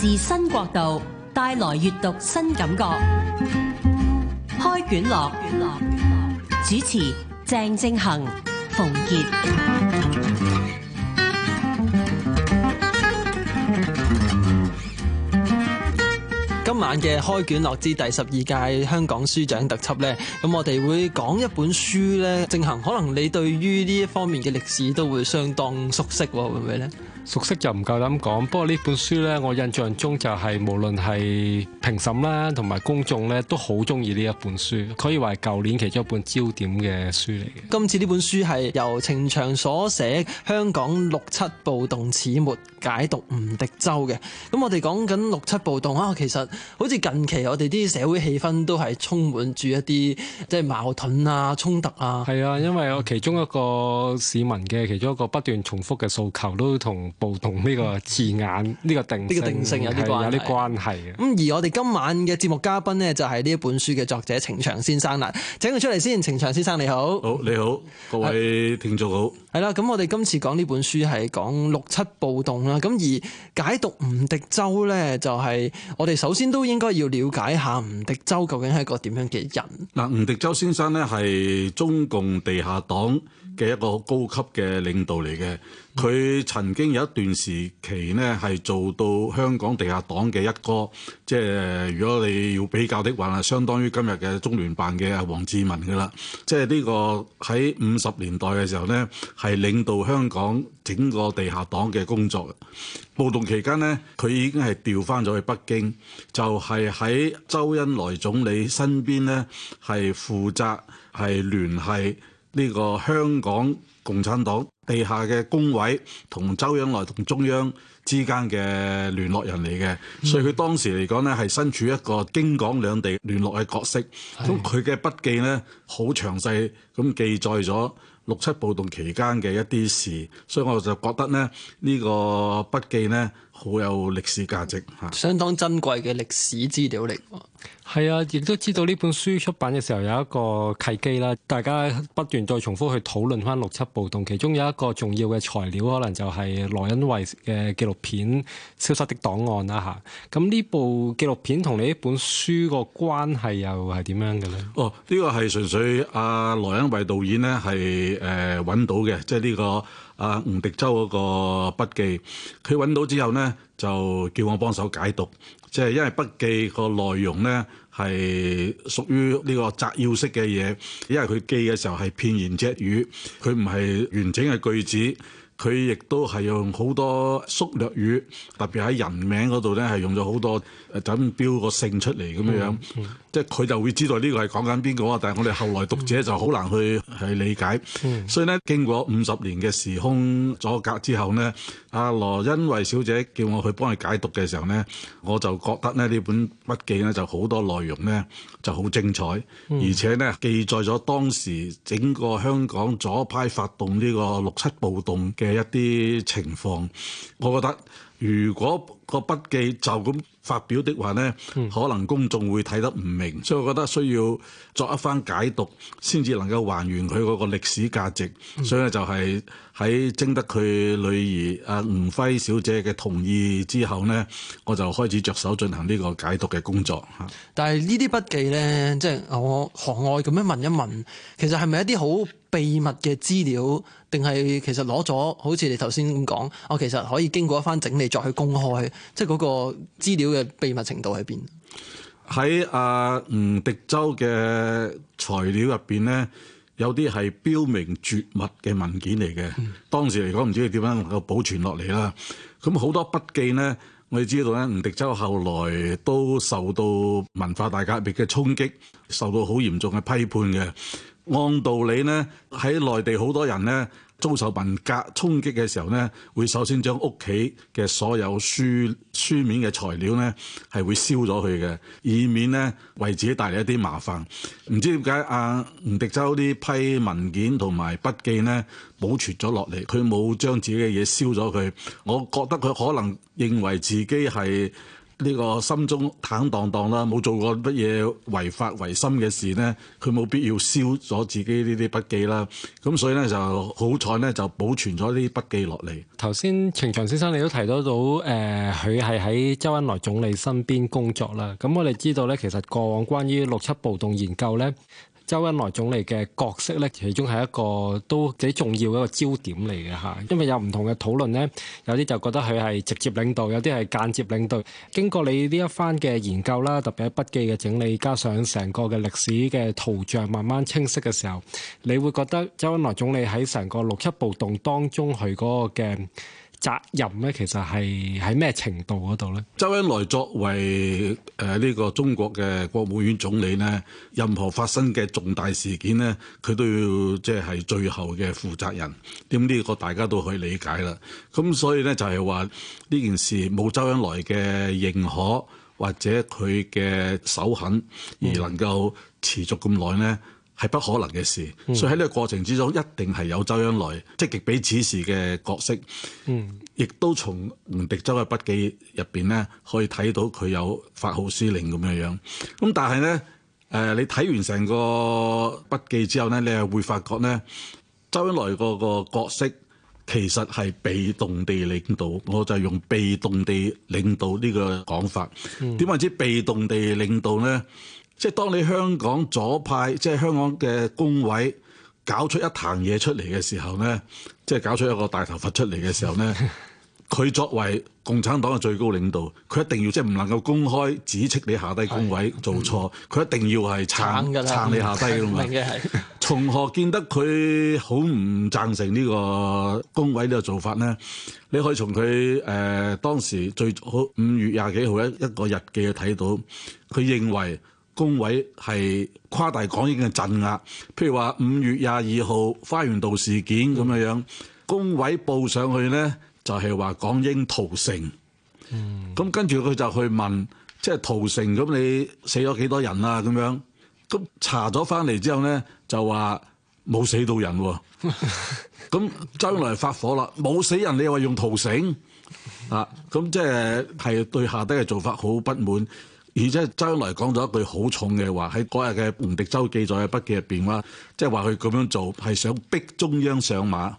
自新國度帶來閱讀新感覺，開卷樂主持鄭政恆、馮傑。今晚嘅開卷樂之第十二屆香港書獎特輯呢，咁 我哋會講一本書呢，政恆，可能你對於呢一方面嘅歷史都會相當熟悉喎，會唔會呢？熟悉就唔夠膽講。不過呢本書呢，我印象中就係、是、無論係評審啦，同埋公眾呢，都好中意呢一本書，可以話係舊年其中一本焦點嘅書嚟嘅。今次呢本書係由程翔所寫《香港六七暴動始末解讀吳荻舟》嘅。咁我哋講緊六七暴動啊，其實好似近期我哋啲社會氣氛都係充滿住一啲即係矛盾啊、衝突啊。係啊，因為我其中一個市民嘅其中一個不斷重複嘅訴求都同。冇同呢個字眼，呢個定呢個定性有啲關有啲關係嘅。咁而我哋今晚嘅節目嘉賓咧，就係呢本書嘅作者程翔先生啦。請佢出嚟先。程翔先生你好。好，你好，各位聽眾好。係啦，咁我哋今次講呢本書係講六七暴動啦，咁而解讀吳荻舟呢，就係、是、我哋首先都應該要了解下吳荻舟究竟係一個點樣嘅人。嗱，吳荻舟先生呢，係中共地下黨嘅一個高級嘅領導嚟嘅，佢曾經有一段時期呢，係做到香港地下黨嘅一哥。即係如果你要比較的話，係相當於今日嘅中聯辦嘅王志民㗎喇。即係呢個喺五十年代嘅時候呢，係領導香港整個地下黨嘅工作。暴動期間呢，佢已經係調翻咗去北京，就係喺周恩來總理身邊呢，係負責係聯繫呢個香港共產黨地下嘅工委同周恩來同中央之間嘅聯絡人嚟嘅，嗯、所以佢當時嚟講呢係身處一個京港兩地聯絡嘅角色，咁佢嘅筆記呢，好詳細咁記載咗六七暴動期間嘅一啲事，所以我就覺得咧呢、呢個筆記呢，好有歷史價值嚇，相當珍貴嘅歷史資料嚟。係 啊，亦都知道呢本書出版嘅時候有一個契機啦，大家不斷再重複去討論翻六七暴動，其中有一個重要嘅材料，可能就係羅恩惠嘅紀錄片《消失的檔案》啦嚇。咁呢、啊、部紀錄片同你本書個關係又係點樣嘅呢？哦，呢個係純粹阿、啊、羅恩惠導演呢係。誒揾到嘅，即係呢個啊吳迪洲嗰個筆記，佢揾到之後呢，就叫我幫手解讀。即係因為筆記個內容呢係屬於呢個摘要式嘅嘢，因為佢記嘅時候係片言隻語，佢唔係完整嘅句子。佢亦都係用好多縮略語，特別喺人名度咧，係用咗好多就咁，是，標個姓出嚟咁樣樣，mm hmm. 即係佢就會知道呢個係講緊邊個啊，但係我哋後來讀者就好難去去理解，mm hmm. 所以咧經過五十年嘅時空阻隔之後咧，阿羅恩惠小姐叫我去幫佢解讀嘅時候咧，我就覺得咧呢本筆記咧就好多內容咧就好精彩，mm hmm. 而且咧記載咗當時整個香港左派發動呢個六七暴動嘅。一啲情況，我覺得如果個筆記就咁，發表的話咧，可能公眾會睇得唔明，嗯、所以我覺得需要作一番解讀先至能夠還原佢個歷史價值。嗯、所以咧，就係喺徵得佢女兒阿吳輝小姐嘅同意之後咧，我就開始着手進行呢個解讀嘅工作吓，但係呢啲筆記咧，即係我行外咁樣問一問，其實係咪一啲好秘密嘅資料，定係其實攞咗好似你頭先咁講，我其實可以經過一番整理再去公開，即係嗰個資料嘅。秘密程度喺邊？喺阿吳荻舟嘅材料入邊咧，有啲係標明絕密嘅文件嚟嘅。嗯、當時嚟講，唔知佢點樣能夠保存落嚟啦。咁好多筆記咧，我哋知道咧，吳荻舟後來都受到文化大革命嘅衝擊，受到好嚴重嘅批判嘅。按道理咧，喺內地好多人咧。遭受文革衝擊嘅時候呢，會首先將屋企嘅所有書、書面嘅材料呢，係會燒咗佢嘅，以免呢為自己帶嚟一啲麻煩。唔知點解阿吳荻舟呢批文件同埋筆記呢，保存咗落嚟，佢冇將自己嘅嘢燒咗佢。我覺得佢可能認為自己係。呢個心中坦蕩蕩啦，冇做過乜嘢違法違心嘅事呢，佢冇必要燒咗自己呢啲筆記啦。咁所以呢，就好彩呢，就保存咗呢啲筆記落嚟。頭先程翔先生你都提到到，誒、呃，佢係喺周恩來總理身邊工作啦。咁我哋知道呢，其實過往關於六七暴動研究呢。周恩來總理嘅角色咧，其中係一個都幾重要一個焦點嚟嘅吓。因為有唔同嘅討論咧，有啲就覺得佢係直接領導，有啲係間接領導。經過你呢一番嘅研究啦，特別喺筆記嘅整理，加上成個嘅歷史嘅圖像慢慢清晰嘅時候，你會覺得周恩來總理喺成個六七暴動當中，佢嗰個嘅。責任咧，其實係喺咩程度嗰度呢？周恩來作為誒呢個中國嘅國務院總理呢，任何發生嘅重大事件呢，佢都要即係最後嘅負責人。點、這、呢個大家都可以理解啦。咁所以呢，就係話呢件事冇周恩來嘅認可或者佢嘅首肯，而能夠持續咁耐呢。係不可能嘅事，嗯、所以喺呢個過程之中，一定係有周恩來積極俾指示嘅角色，亦、嗯、都從吳荻舟嘅筆記入邊咧，可以睇到佢有發號施令咁嘅樣。咁但係咧，誒、呃、你睇完成個筆記之後咧，你又會發覺咧，周恩來個個角色其實係被動地領導，我就係用被動地領導呢個講法。點為之被動地領導咧？即係當你香港左派，即係香港嘅工委搞出一壇嘢出嚟嘅時候咧，即係搞出一個大頭佛出嚟嘅時候咧，佢 作為共產黨嘅最高領導，佢一定要即係唔能夠公開指斥你下低工委做錯，佢、嗯、一定要係撐嘅你下低嘅嘛。不從何見得佢好唔贊成呢個工委呢個做法咧？你可以從佢誒、呃、當時最早五月廿幾號一一個日記去睇到，佢認為，工委係誇大港英嘅鎮壓，譬如話五月廿二號花園道事件咁嘅樣，嗯、工委報上去咧就係、是、話港英屠城，咁、嗯、跟住佢就去問，即係屠城咁你死咗幾多人啊？咁樣咁查咗翻嚟之後咧就話冇死到人喎、啊，咁周恩來發火啦，冇死人你又話用屠城啊？咁即係係對下低嘅做法好不滿。而且周恩來講咗一句好重嘅話，喺嗰日嘅吳荻舟記載嘅筆記入邊啦，即係話佢咁樣做係想逼中央上馬。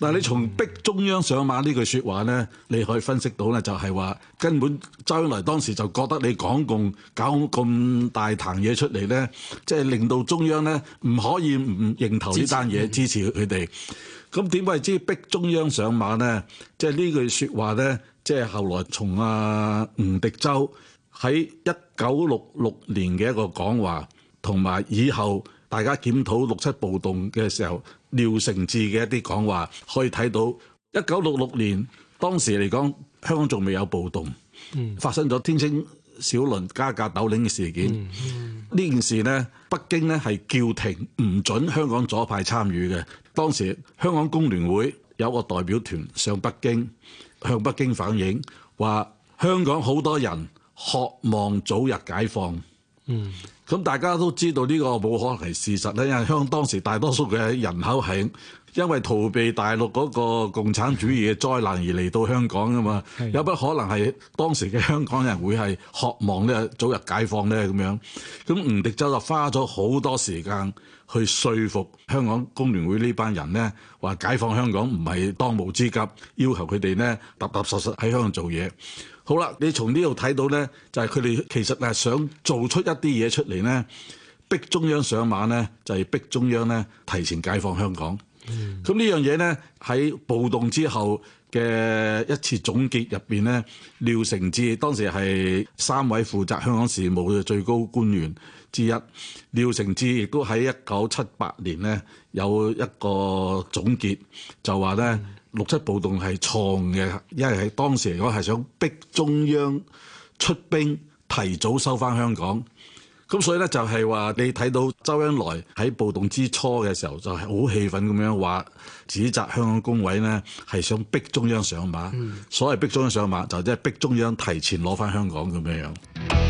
但你從逼中央上馬句呢句説話咧，你可以分析到咧，就係話根本周恩來當時就覺得你講共搞咁大壇嘢出嚟咧，即係令到中央咧唔可以唔認頭呢單嘢支持佢哋。咁點解知逼中央上馬咧？即係呢句説話咧，即係後來從阿吳荻舟。喺一九六六年嘅一個講話，同埋以後大家檢討六七暴動嘅時候，廖承志嘅一啲講話可以睇到，一九六六年當時嚟講香港仲未有暴動，發生咗天星小輪加價斗零嘅事件。嗯嗯、呢件事咧，北京咧係叫停，唔准香港左派參與嘅。當時香港工聯會有個代表團上北京，向北京反映話香港好多人渴望早日解放。嗯，咁大家都知道呢個冇可能係事實咧，因為香當時大多數嘅人口係因為逃避大陸嗰個共產主義嘅災難而嚟到香港噶嘛。的有不可能係當時嘅香港人會係渴望呢早日解放咧咁樣。咁吳荻舟就花咗好多時間去說服香港工聯會呢班人咧，話解放香港唔係當務之急，要求佢哋咧踏踏實實喺香港做嘢。好啦，你從呢度睇到呢，就係佢哋其實係想做出一啲嘢出嚟呢，逼中央上馬呢，就係逼中央呢提前解放香港。咁呢樣嘢呢，喺暴動之後嘅一次總結入邊呢，廖承志當時係三位負責香港事務嘅最高官員之一。廖承志亦都喺一九七八年呢有一個總結，就話呢。六七暴動係錯嘅，因為喺當時嚟講係想逼中央出兵，提早收翻香港。咁所以呢，就係、是、話你睇到周恩來喺暴動之初嘅時候就係、是、好氣憤咁樣話，指責香港工委呢，係想逼中央上馬，嗯、所謂逼中央上馬就即、是、係逼中央提前攞翻香港咁樣樣。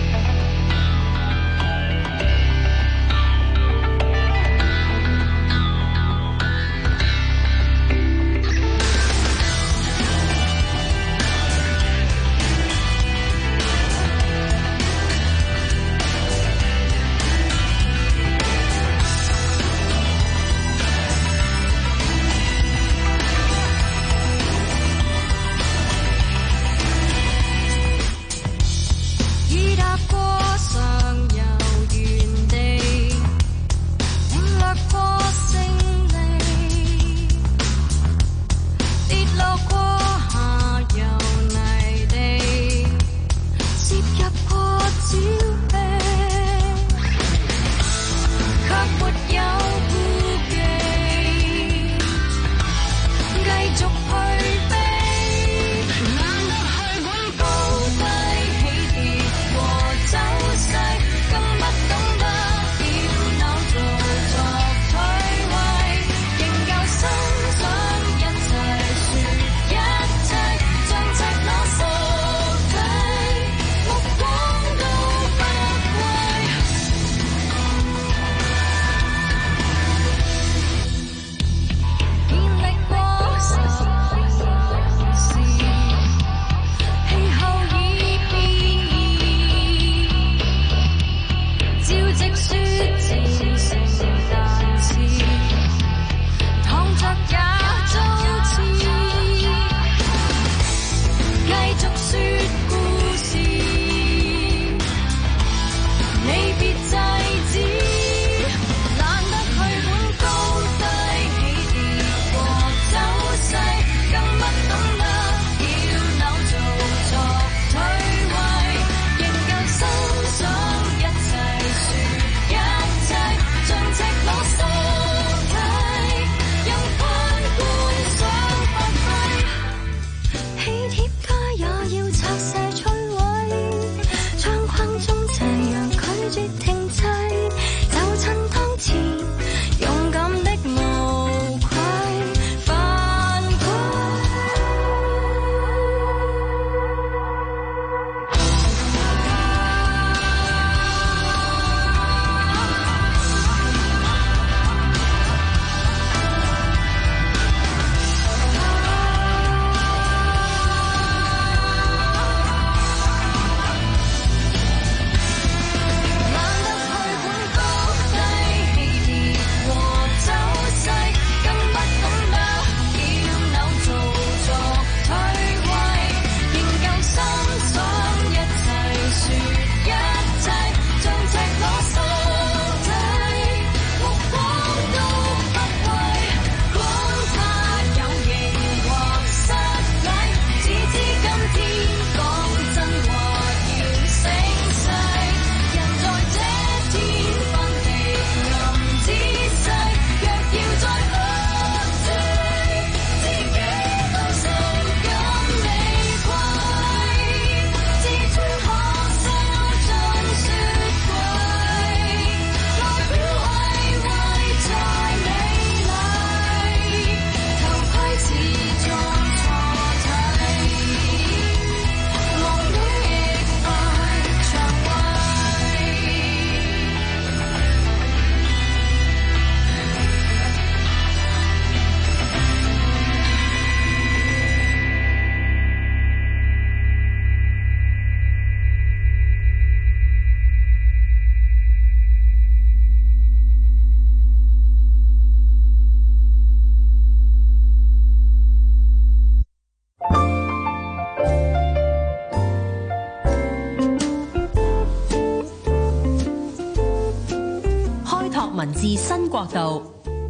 國度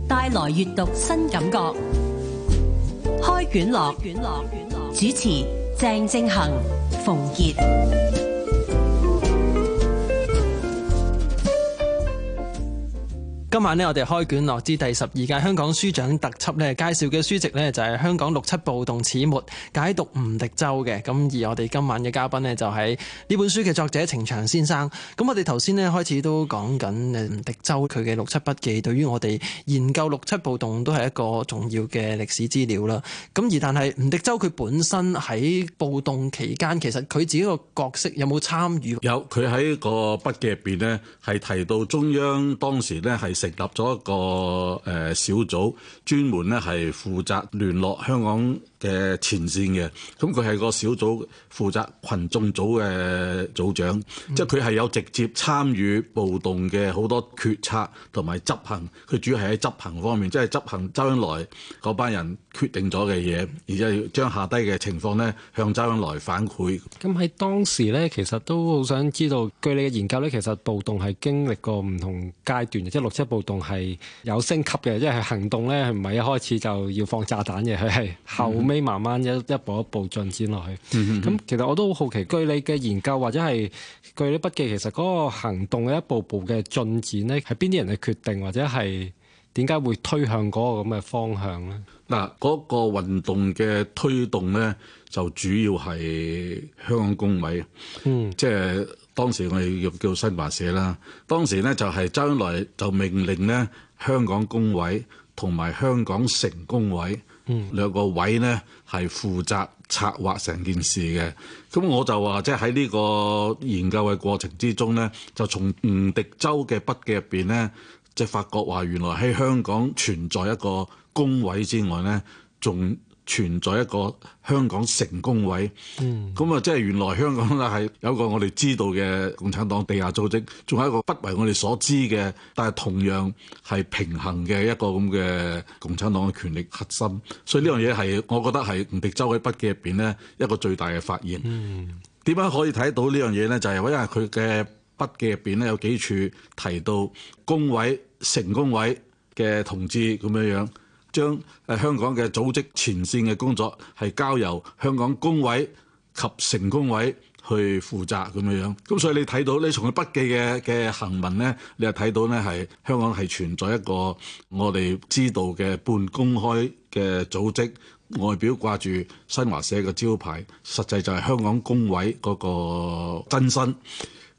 帶來閱讀新感覺，開卷樂，開卷樂主持鄭政恆、馮杰。今晚呢，我哋開卷樂之第十二屆香港書展特輯呢，介紹嘅書籍呢，就係《香港六七暴動始末》，解讀吳荻舟嘅。咁而我哋今晚嘅嘉賓呢，就係呢本書嘅作者程翔先生。咁我哋頭先呢，開始都講緊吳荻舟佢嘅六七筆記，對於我哋研究六七暴動都係一個重要嘅歷史資料啦。咁而但係吳荻舟佢本身喺暴動期間，其實佢自己個角色有冇參與？有，佢喺個筆記入邊呢，係提到中央當時呢係立咗一個誒小組，專門咧係負責聯絡香港嘅前線嘅，咁佢係個小組負責群眾組嘅組長，即係佢係有直接參與暴動嘅好多決策同埋執行，佢主要係喺執行方面，即係執行周恩來班人決定咗嘅嘢，而且將下低嘅情況咧向周恩來反饋，咁喺當時咧，其實都好想知道，據你嘅研究咧，其實暴動係經歷過唔同階段，即係六七暴動係有升級嘅，即係行動咧係唔係一開始就要放炸彈嘅，佢係後、嗯。尾慢慢一一步一步進展落去，咁其實我都好好奇，據你嘅研究或者係據你筆記，其實嗰個行動嘅一步步嘅進展咧，係邊啲人嘅決定，或者係點解會推向嗰個咁嘅方向咧？嗱，嗰個運動嘅推動咧，就主要係香港工委，嗯，即係當時我哋叫新華社啦。當時咧就係周恩來就命令咧香港工委同埋香港城工委。嗯、兩個位呢，係負責策劃成件事嘅。咁我就話即係喺呢個研究嘅過程之中呢，就從吳荻舟嘅筆記入邊呢，即係發覺話原來喺香港存在一個工委之外呢，仲。存在一個香港成功委，咁啊、嗯，即係原來香港就係有一個我哋知道嘅共產黨地下組織，仲有一個不為我哋所知嘅，但係同樣係平衡嘅一個咁嘅共產黨嘅權力核心。所以呢樣嘢係，我覺得係吳荻舟喺筆記入邊咧一個最大嘅發現。點解、嗯、可以睇到呢樣嘢咧？就係、是、因為佢嘅筆記入邊咧有幾處提到工委、成功委嘅同志咁樣樣。將誒香港嘅組織前線嘅工作係交由香港工委及城工委去負責咁樣樣，咁所以你睇到你從佢筆記嘅嘅行文呢，你係睇到呢係香港係存在一個我哋知道嘅半公開嘅組織，外表掛住新華社嘅招牌，實際就係香港工委嗰個真身，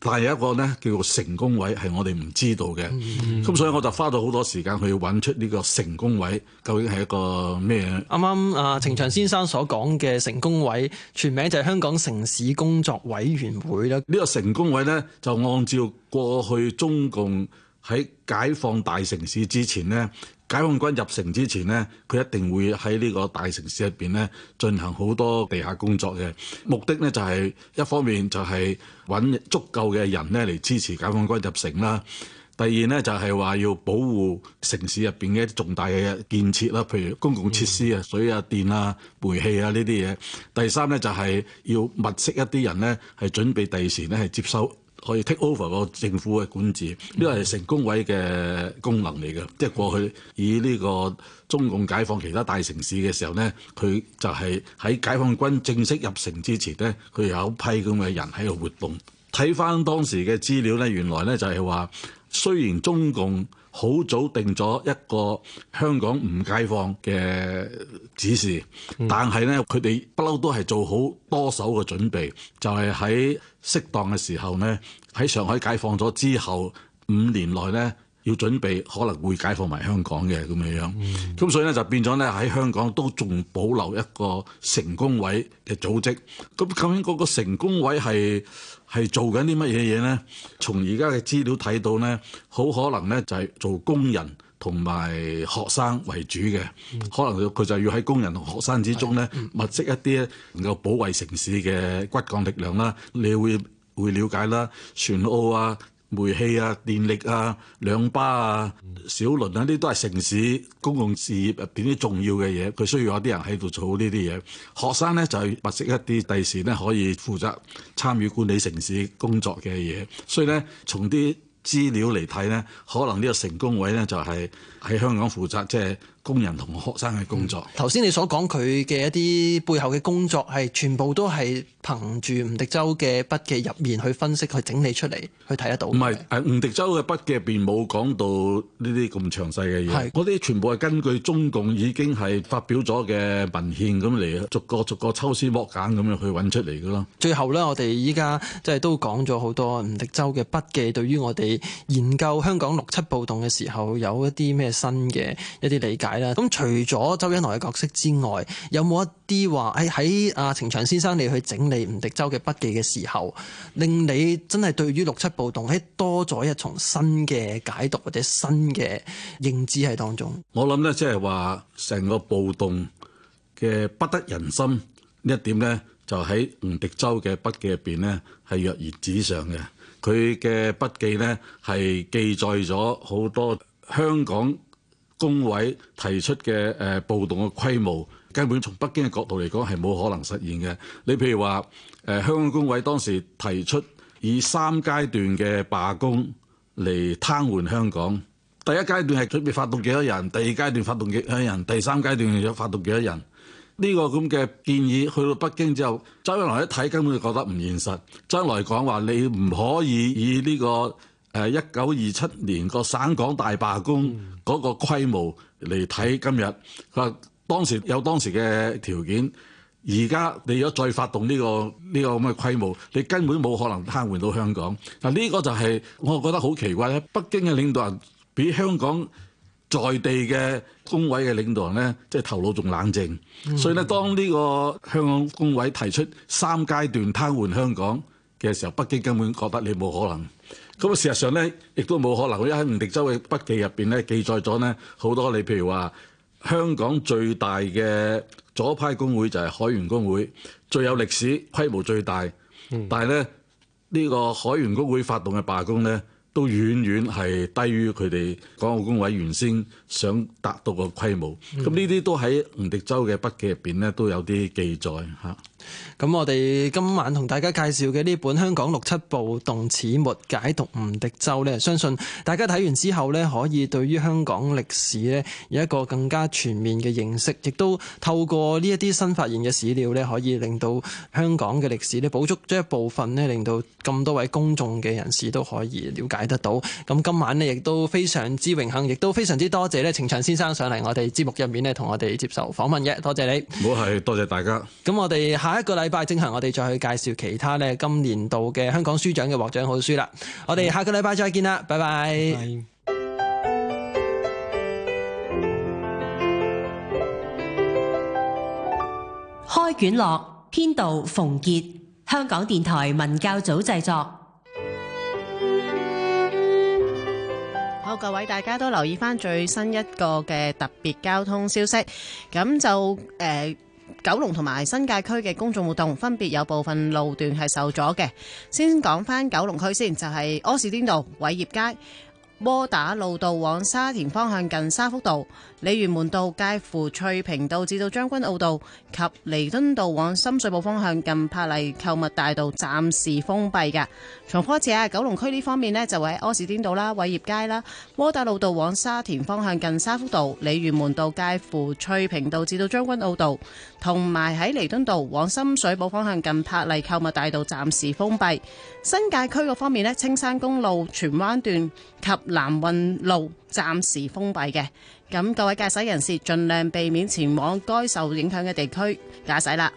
但係有一個呢，叫做成功位，係我哋唔知道嘅，咁、嗯、所以我就花咗好多時間去揾出呢個成功位究竟係一個咩？啱啱啊程翔先生所講嘅成功位全名就係香港城市工作委員會啦。呢、嗯，呢個成功位呢，就按照過去中共喺解放大城市之前呢。解放軍入城之前呢，佢一定會喺呢個大城市入邊呢進行好多地下工作嘅。目的呢、就係，就係一方面就係揾足夠嘅人呢嚟支持解放軍入城啦；第二呢，就係話要保護城市入邊嘅重大嘅建設啦，譬如公共設施啊、嗯、水啊、電啊、煤氣啊呢啲嘢；第三呢，就係要物色一啲人呢係準備第二時呢係接收。可以 take over 個政府嘅管治，呢個係成功位嘅功能嚟嘅。即係過去以呢個中共解放其他大城市嘅時候咧，佢就係喺解放軍正式入城之前咧，佢有一批咁嘅人喺度活動。睇翻當時嘅資料咧，原來咧就係話雖然中共好早定咗一個香港唔解放嘅指示，嗯、但係呢，佢哋不嬲都係做好多手嘅準備，就係、是、喺適當嘅時候呢，喺上海解放咗之後五年內呢，要準備可能會解放埋香港嘅咁樣樣，咁、嗯、所以咧就變咗咧喺香港都仲保留一個成功委嘅組織。咁究竟嗰個成功委係係做緊啲乜嘢嘢咧？從而家嘅資料睇到咧，好可能咧就係做工人同埋學生為主嘅，嗯、可能佢就要喺工人同學生之中咧物色一啲能夠保衞城市嘅骨幹力量啦。你會會了解啦，船澳啊。煤氣啊、電力啊、兩巴啊、小輪啊，呢啲都係城市公共事業入邊啲重要嘅嘢，佢需要有啲人喺度做呢啲嘢。學生咧就係、是、物色一啲，第時咧可以負責參與管理城市工作嘅嘢。所以咧，從啲資料嚟睇咧，可能呢個成功位咧就係喺香港負責即係，就是工人同學生嘅工作。頭先、嗯、你所講佢嘅一啲背後嘅工作，係全部都係憑住吳荻舟嘅筆記入面去分析、去整理出嚟、去睇得到。唔係，誒吳荻舟嘅筆記入邊冇講到呢啲咁詳細嘅嘢。係的，嗰啲全部係根據中共已經係發表咗嘅文獻咁嚟逐個逐個抽絲剝繭咁樣去揾出嚟嘅咯。最後咧，我哋依家即係都講咗好多吳荻舟嘅筆記，對於我哋研究香港六七暴動嘅時候，有一啲咩新嘅一啲理解？咁除咗周恩來嘅角色之外，有冇一啲話喺喺阿程翔先生你去整理吳荻舟嘅筆記嘅時候，令你真係對於六七暴動喺多咗一重新嘅解讀或者新嘅認知喺當中？我諗咧，即係話成個暴動嘅不得人心呢一點咧，就喺吳荻舟嘅筆記入邊咧係躍然紙上嘅。佢嘅筆記咧係記載咗好多香港工委提出嘅誒暴動嘅規模，根本從北京嘅角度嚟講，係冇可能實現嘅。你譬如話，誒香港工委當時提出以三階段嘅罷工嚟癱瘓香港，第一階段係準備發動幾多人，第二階段發動幾多人，第三階段有發動幾多人。呢、這個咁嘅建議去到北京之後，周恩來一睇根本就覺得唔現實，將來講話，你唔可以以呢、這個。誒一九二七年個省港大罷工嗰個規模嚟睇，今日佢話當時有當時嘅條件，而家你如果再發動呢、呢個呢、呢個咁嘅規模，你根本冇可能癱瘓到香港。嗱呢個就係我覺得好奇怪咧，北京嘅領導人比香港在地嘅工委嘅領導人咧，即係頭腦仲冷靜。嗯、所以咧，當呢個香港工委提出三階段癱瘓香港嘅時候，北京根本覺得你冇可能。咁啊，事實上咧，亦都冇可能。因為喺吳荻舟嘅筆記入邊咧，記載咗咧好多你，譬如話香港最大嘅左派工會就係海員工會，最有歷史、規模最大。但係咧，呢個海員工會發動嘅罷工咧，都遠遠係低於佢哋港澳工委原先想達到嘅規模。咁呢啲都喺吳荻舟嘅筆記入邊咧，都有啲記載嚇。咁我哋今晚同大家介紹嘅呢本《香港六七暴動始末解讀吳荻舟》呢，相信大家睇完之後呢，可以對於香港歷史呢有一個更加全面嘅認識，亦都透過呢一啲新發現嘅史料呢，可以令到香港嘅歷史呢補足咗一部分呢，令到咁多位公眾嘅人士都可以了解得到。咁今晚呢，亦都非常之榮幸，亦都非常之多謝呢，程翔先生上嚟我哋節目入面呢，同我哋接受訪問嘅，多謝你。唔好係，多謝大家。咁我哋下一個禮拜，進行我哋再去介紹其他咧，今年度嘅香港書獎嘅獲獎好書啦。嗯、我哋下個禮拜再見啦，拜拜。Bye bye。開卷樂編導馮杰，香港電台文教組製作。好，各位大家都留意返最新一個嘅特別交通消息，咁就誒。呃九龍同埋新界區嘅公眾活動，分別有部分路段係受阻嘅。先講返九龍區先，就係、是、柯士甸道、偉業街。窩打路道往沙田方向近沙福道、鯉魚門道介乎翠屏道至到將軍澳道及彌敦道往深水埗方向近柏麗購物大道暫時封閉嘅。重複一次啊，九龍區呢方面呢，就喺柯士甸道啦、偉業街啦、窩打老道往沙田方向近沙福道、鯉魚門道介乎翠屏道至到將軍澳道，同埋喺彌敦道往深水埗方向近柏麗購物大道暫時封閉。新界區嗰方面呢，青山公路荃灣段及南運路暫時封閉嘅，咁各位駕駛人士盡量避免前往該受影響嘅地區駕駛啦。